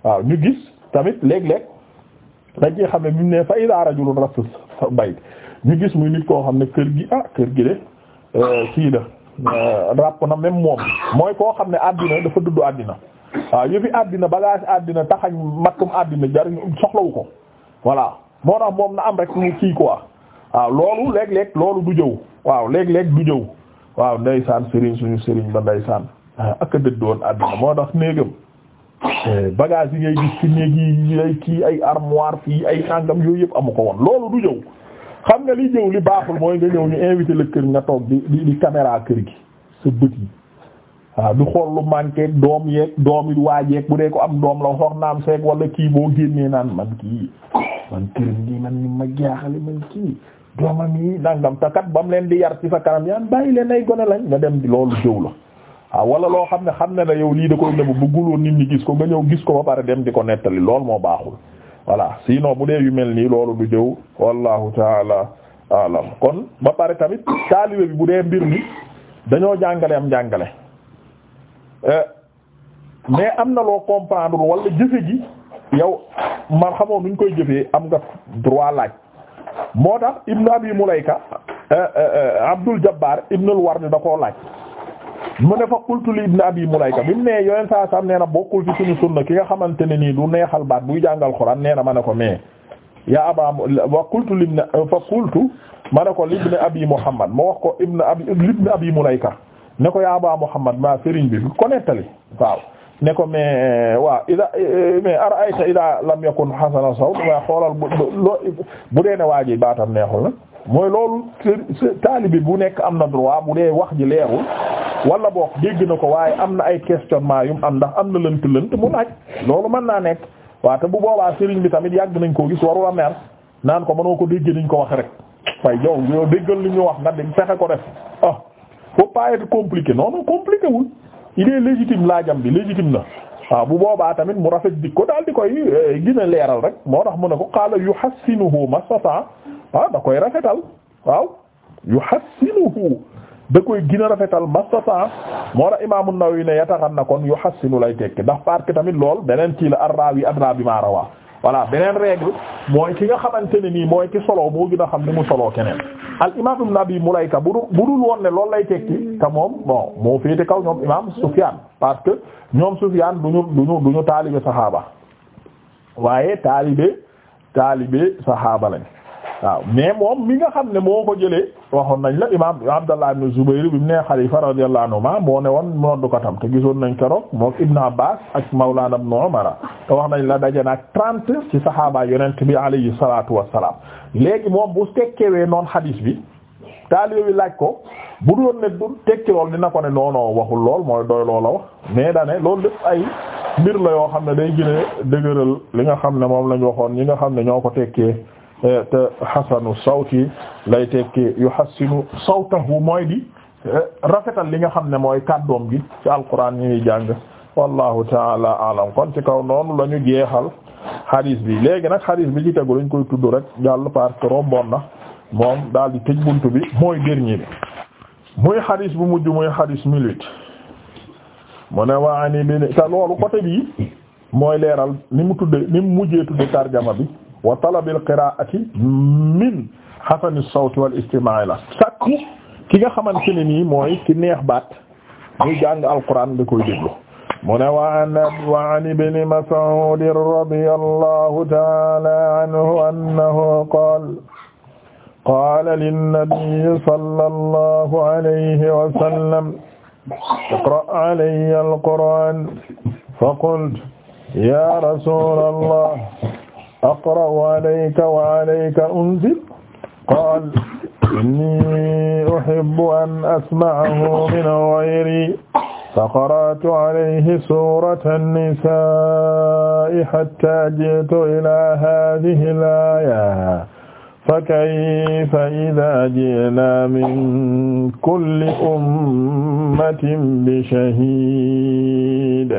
waaw ñu gis tamit léeg-léeg dañ ci xam ne bi mu ne fa ida rajulun rafet sa ñu gis muy nit koo xam ne kër gi ah kër gi de eh, kii Euh, ràpp na même moom mooy koo xam ne àddina dafa dudd àddina waaw yëfi àddina bagage àddina taxañ mattum àddina jariñ soxlawu ko voilà moo tax moom na am rek mu kii quoi waaw loolu léeg-léeg loolu du jëw waaw léeg-léeg du jëw waaw ndeysaan sëriñ suñu sëriñ ba ndeysaan ah, ak a dëddoon àddina moo tax néegam eh, bagage yi ngay gis ci néeg yi ay kii ay armoire fii ay nàngam yooyu yëpp amu ko woon loolu du jëw xam nga li jëw li baaxul mooy nga ñëw ni invité la kër nga toog di di di caméra kër gi sa bët yi waaw du xool lu manqué doom yeeg doom yi waajeeg bu dee ko am doom la sox naam wala kii boo génnee naan man kii man këram gi man ni ma jaaxale man kii doomam yi nangam te kat leen di yar ci sa kanam yaan bàyyi leen ay gone lañ nga dem di loolu jëw la waaw wala loo xam ne xam ne na yow lii da koy nëbb bu guloon nit ñi gis ko nga ñëw gis ko ba pare dem di ko nettali loolu moo baaxul voilà sinon bu dee yu mel nii loolu du jëw wallahu taala alam kon ba pare tamit taalibe bi bu dee mbir mi dañoo jàngale am jàngale eh, mais am na loo comprendre wala jëfe ji yow man xamoo nuñ koy jëfee am nga droit laaj moo tax ibnu abi mulayka eh, eh, abdul jabbar ibnul ward da koo laaj mu ne fa qultu li ibn abi mulayka bi mu nee yoneen saa saam nee na bokkul ci suñu sunna ki nga xamante ne nii du neexal baat buy jàngal xuraan nee na ma ne ko mais yaa aba wa qultu li fa qultu ma ne ko li ibn abi muhammad ma wax ko ibn abi li ibn abi mulayka ne ko yaa aba muhammad ma sëriñ bi ko nettali waaw ne ko mais waaw ida mais ara ayta ida lam yakun hasana sawt waaw xoolal bu dee ne waa ji baatam neexul na mooy loolu taalibi bu nekk am na droit bu dee wax ji leerul wala boog dégg na ko waaye am na ay questionnement yum am ndax am na lënt lënt mu laaj loolu mën naa nekk waaw te bu boobaa sëriñ bi tamit yàgg nañ koo gis warula mer naan ko mënoo ko dégg niñ ko wax rek waaye jow yow déggal li ñu wax nga dem fexe ko def ah faut pas être compliqué non non compliqué wul il est légitime laajam bi légitime na waaw bu boobaa tamit mu rafet jikko daal di koy eh, gën a leeral rek moo tax mu ne ko yu qaala yuhassinuhu masata waaw ah, da koy rafetal waaw yuhassinuhu da koy gën a rafetal masata moo tax imaamu Nawawi ne yataxanna kon yuhassinu lay tekki ndax parce ki tamit lool beneen kii la arraawi adraa bimaa rawaa voilà beneen règle mooy ki nga xamante ne nii mooy ki solo moo gën a xam ni mu solo keneen al imam ibn abi mulayka bu budul woon ne loolu lay tekki te moom bon moo féete kaw ñoom imam sufyan parce que ñoom sufyan duñu duñu duñu taalibe saxaaba waaye taalibe taalibe saxaaba lañ waaw mais moom mi nga xam ne moo ko jëlee waxoon nañ la imaam Abdallah ibn Zubayr bi mu nee xalifa radiyallahu anhuma moo ne woon noddukatam te gisoon nañ keroog mook Ibn Abbas ak Mawlana ibn Umar te wax nañ la daje naag trente ci saxaaba yonent bi alayhi salaatu wassalaam léegi moom bu tekkewee noon xadiis bi taalibe bi laaj ko bu woon ne du tekki lool dina ko ne noonoo waxul lool mooy doy la wax mais dane loolu lépp ay mbir la yoo xam ne day gën a li nga xam ne moom lañ waxoon ñi nga xam ne ñoo ko tekkee te xasanu sawti lay tekki yuhassinu sawtahu mooy di eh, rafetal li nga xam ne mooy kàddoom gi ci alquran ñuy jàng wallahu taala alam kon ci kaw noonu la ñu jeexal hadis bi léegi nag hadis bi ci tegu dañ koy tudd rek jàll parce que romboon na moom daal di tëj bunt bi mooy dernier bi muy hadis bu mujj muy hadis mille huit mu ne waa ani bi te loolu côté bi mooy leeral ni mu tudde ni mu mujjee tudde tarjama bi wa talab al qira'ati min hasan as sawt wal istima' la sakku ki nga xamante ne nii mooy ki neex baat muy jàng alquran da koy déglu mu ne waan waan ibn Mas'ud radiyallahu ta'ala anhu annahu qaala qaala linnabiy sallallahu alayhi wa sallam iqra' alayya alquran fa qultu ya rasulallah aqra'u alayka wa alayka unzil qaal inni uhibbu an asma'ahu min ghayri faqara'tu alayhi suurata nisaa'i hattaa ji'tu ilaa haadhihi al-aaya فكيف إذا جئنا من كل أمة بشهيد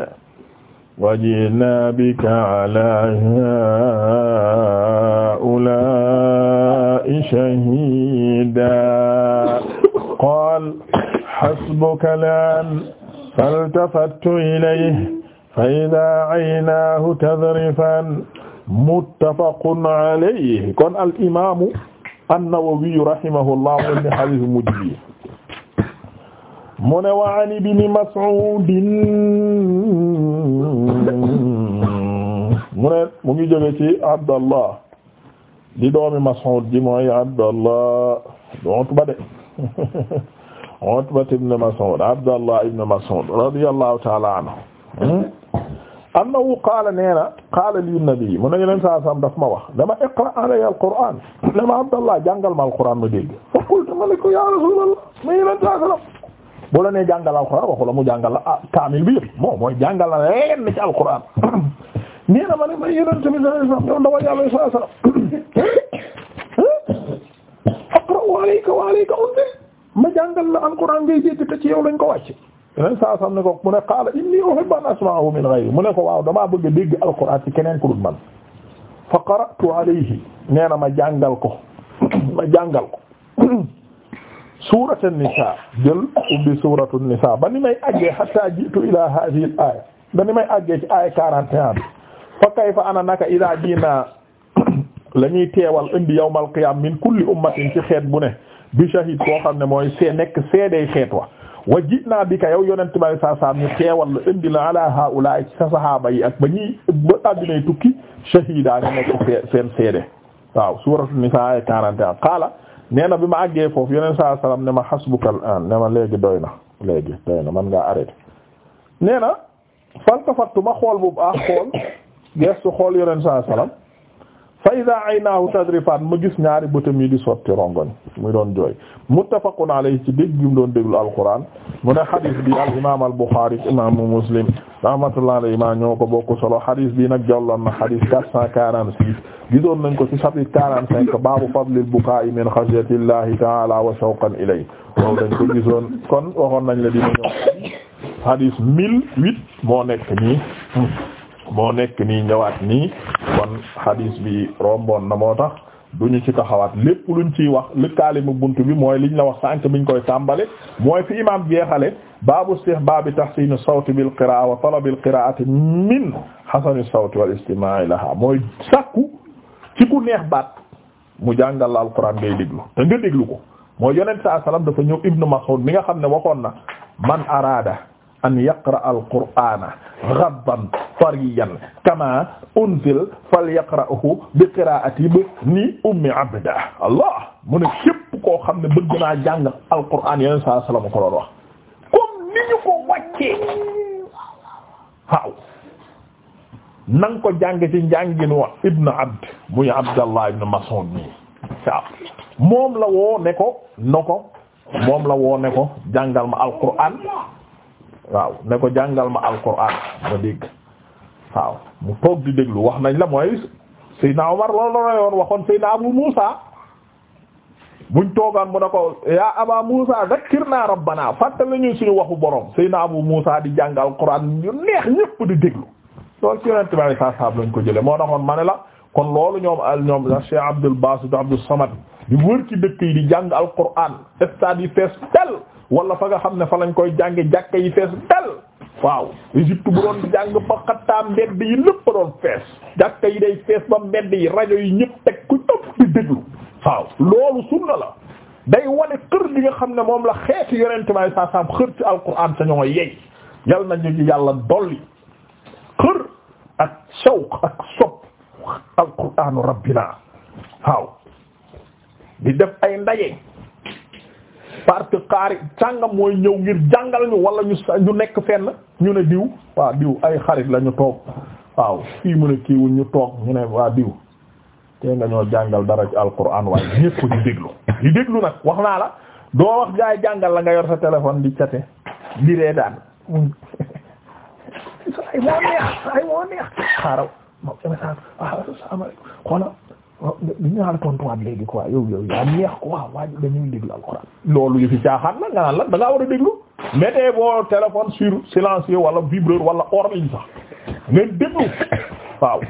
wajina bika ala haa'ulaa'i shahiida qaal hasbuka laan faltafattu ilayhi fa idaa aynaahu tadrifaan muttafaqun alayhi kon al imaamu an-Nawawi rahimahullah mu ne hadiis mujj bi mu ne wa an ibni Mas'udin mu ne mu ngi jóge ci Abdallah di doomi Mas'ud ji mooy Abdallah Utba de Utba ibn Mas'ud Abdallah ibn Mas'ud radiyallahu ta'ala anhu annahu qaala neena qaala li nabi mu ne yeneen saa saam daf ma wax dama iqra alayya al-Qur'an dama Abdallah jàngal ma al-Qur'an ma dégg fa qultu ma ne ko ya Rasulallah ma yeneen saa saam bu la nee jàngal alxuraan mu jàngal la ah kaamil bi mooy jàngal ci alxuraan nee na ma ne ma yonent bi sallallahu alayhi wasallam yow ndawal yàlla sallallahu aqra'u alayka wa alayka unzil ma jàngal la alxuraan ngay dégg te ci yow lañ ko wàcc yonent ne ko mu ne qaala inni uhibbu an asma'ahu min ghayri mu ne ko waaw damaa bëgg a dégg alxuraan ci keneen ku dul man fa qara'tu alayhi nee ma jàngal ko ma jàngal ko suuratu nisaa jël ubbi suuratu nisaa ba ni may àggee hatta jiitu ila hadhihi aaya ba ni may àggee ci aaya 41 bi fa kayfa ana naka ila jiina la ñuy teewal indi yawmal qiyaam min kulli ummatin ci xeet bu ne bi shahid koo xam ne mooy see nekk seeday xeet wa wa ji'naa bika yow yonent bi saa saa ñu teewal la indi la ala haa'ulaa ci sa saxaaba yi ak ba ñuy ba tukki shahidaa nga nekk seen seede waaw suuratu nisaa aaya 41 qaala nee na bi ma àggee foofu yeneen saa salaam ne ma hasbuka al'aan ne ma léegi doy na léegi doy na man ngaa arrêté nee na faltafattu ma xool bu baax xool gestu xool yeneen saa salaam fa ida aynaahu tadrifan ma gis ñaari bëtam yi di sotti rongoñ muy doon jooy muttafaqun alayhi ci dégg gi mu doon déglu alquran mu ne xadis bi al imam al buxaari imaamu muslim rahmatullah alayhi ma ñoo ko bokk solo xadis bi nag jolloon na xadis quatre cent quarante six gisoon nañ ko ci chapitre quarante cinq baabu fadlil bukaa'i min xashyati llahi ta'ala wa shawqan ilayhi loolu dañ ko gisoon kon waxoon nañ la dina ñëw xadis mille huit moo nekk nii moo nekk nii ñëwaat nii kon hadis bi romboon na moo tax duñu ci taxawaat lépp luñ ciy wax lëkkaali mu bunt bi mooy liñ la wax sànq biñ koy tàmbale mooy fi imam jeexale baabu istihbaabi tahsini sawti bil qiraa wa talabil qiraati min hasani sawti wal istimaa'i laha mooy sàkku ci ku neex baat mu jàngal la alquran ngay déglu te nga déglu ko mooy yonent saa salaam dafa ñëw ibnu Mas'ud mi nga xam ne waxoon na man araada an yaqra alqur'ana ghadban fariyan kama unzil falyaqra'uhu bi qira'ati bi ni ummi abda allah mu ne képp koo xam ne bëgg naa jàng alquran yeneen saa salaam ko doon wax comme ni ñu ko wàccee waaw na nga ko jàng ci njàngin wa ibnu abd muy abdallah ibnu mas'ud nii waaw moom la woo ne ko no ko moom la woo ne ko jàngal ma alquran waaw ne ko jàngal ma alquran ma dégg waaw mu toog di déglu wax nañ la mooy Seydina Omar waxoon Seydina Abu Musa buñ toogaan mu ne ko ya Aba Musa zakkirna rabbana fàttali ñu suñu waxu borom Seydina Abu Musa di jàngal Qur'an yu neex ñëpp di déglu loolu ci Yonent bi sallallahu alayhi wasallam lañ ko jëlee moo taxoon ma ne la kon loolu ñoom al ñoom la Cheikh Abdul Basit Abdul Samad di wër ci dëkk yi di jàng al Qur'an stade yi fees dell wala fa nga xam ne fa lañ koy jànge jàkka yi fees dell waaw Égypte bu doon jàng ba xattaa mbedd yi lépp doon fees jàkka yi day fees ba mbedd yi rajo yi ñëpp teg ku ñëpp di déglu waaw loolu sunna la day wane xër li nga xam ne moom la xeeti yonente may saa saam xër ci alquran sa ñoo yey yal nañu ci yàlla dolli xër ak shawq ak sopp alquranu rabbina waaw di def ay ndaje parce que xaari sàngam mooy ñëw ngir jàngal ñu wala ñu ñu nekk fenn ñu ne diw waa diw ay xarit la ñu toog waaw fii mu ne ñu toog ñu ne waa diw te nga ñoo jàngal dara ci alquran waaye ñépp di déglu di déglu nag wax naa la doo wax gaay jàngal la nga yor sa téléphone di cate di ree daan ay moo neex ay moo neex xaaraw ma message asalaamaaleykum waaw ñu naan léegi quoi yow yow yaa neex quoi waa ji dañuy déglu alxuraan loolu yu fi caaxaan la nga naan la da war a déglu mettez boo téléphones sur silencieux wala vibreur wala hors ligne sax ngeen déglu waaw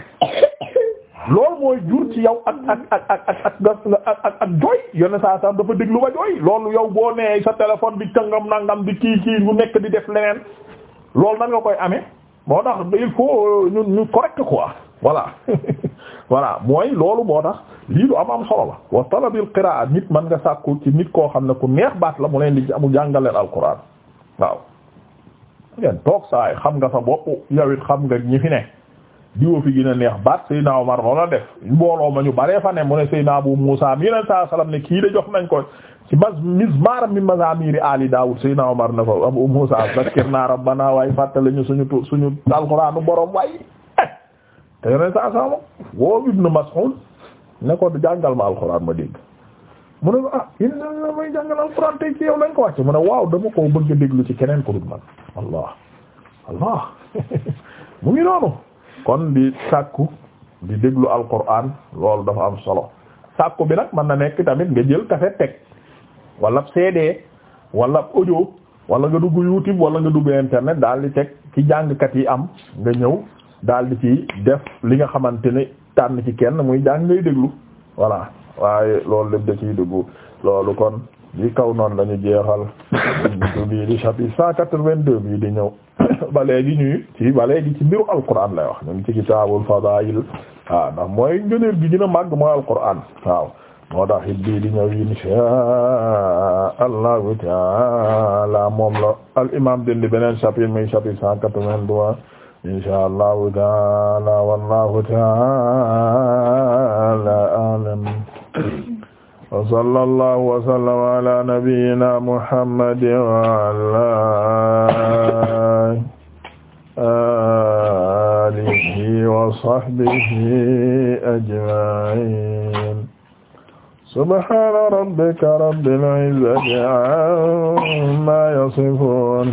loolu mooy jur ci yow ak ak ak ak ak ak ak ak jooy yone saa saa dafa déglu ba jooy loolu yow boo nee sa téléphone bi kàngam nangam di kii kii bu nekk di def leneen loolu nan nga koy ame moo tax il faut ñu ñu correct quoi voilà voilà mooy loolu moo tax lii lu am am solo la wa talabil qiraa nit man nga sàkku ci nit koo xam ne ku neex baat la mu leen di amu jàngaleen alquran waaw ngeen toog saay xam nga sa bopp yow xam nga ñi fi ne diwo fi gën neex baat Seydina Omar loola def mbooloo ma ñu baree fa ne mu ne Seydina Abu Muusa mi yeneen salaam ne kii de jox nañ ko ci mas mizmaar mi mazaamiiri aali Daawuud Seydina Omar ne fa Abu Muusa zakkirnaa rabbanaa waaye fàttali ñu suñu suñu alxuraanu borom te yeneen saa saa moom woo Ibn Mas'ud ne ko jàngal ma alxuraan ma dégg mu ne ko ah yéen a jàngal alxuraan tey ci yow lañ ko wàcce mu ne waaw dama koo bëgg a déglu ci keneen ko dul man allah allah mu ngi noonu kon di sàkku di déglu alxuraan loolu dafa am solo sàkku bi nag mën na nekk tamit nga jël cassette teg wala CD wala audio wala nga dugg YouTube wala nga dugg internet daal di teg ci jàngkat yi am nga ñëw. daal di ci def li nga xamante ne tànn ci kenn muy jàng ngay déglu voilà waaye loolu lépp da ciy dugg loolu kon li kaw noonu lañu ñu jeexal buntu bii di chapitre cent quatre-vingt-deux bii di ñëw ba léegi ñuy ci ba léegi ci mbiru alquran lay wax ñu ngi ci kitaabul fadaa'il waaw ndax mooy ngëneel gi dina màgg mooy alquran waaw moo tax it bii di ñëw inshaa allahu taala moom la al imam dindi beneen chapitre muy chapitre cent quatre-vingt-trois insha allahu taala wallahu taala a'lam wa sallallahu wa sallama ala nabiyyina muhammadin wa ala alihi wa sahbihi ajma'in subhana rabbika rabbil izzati amma yasifun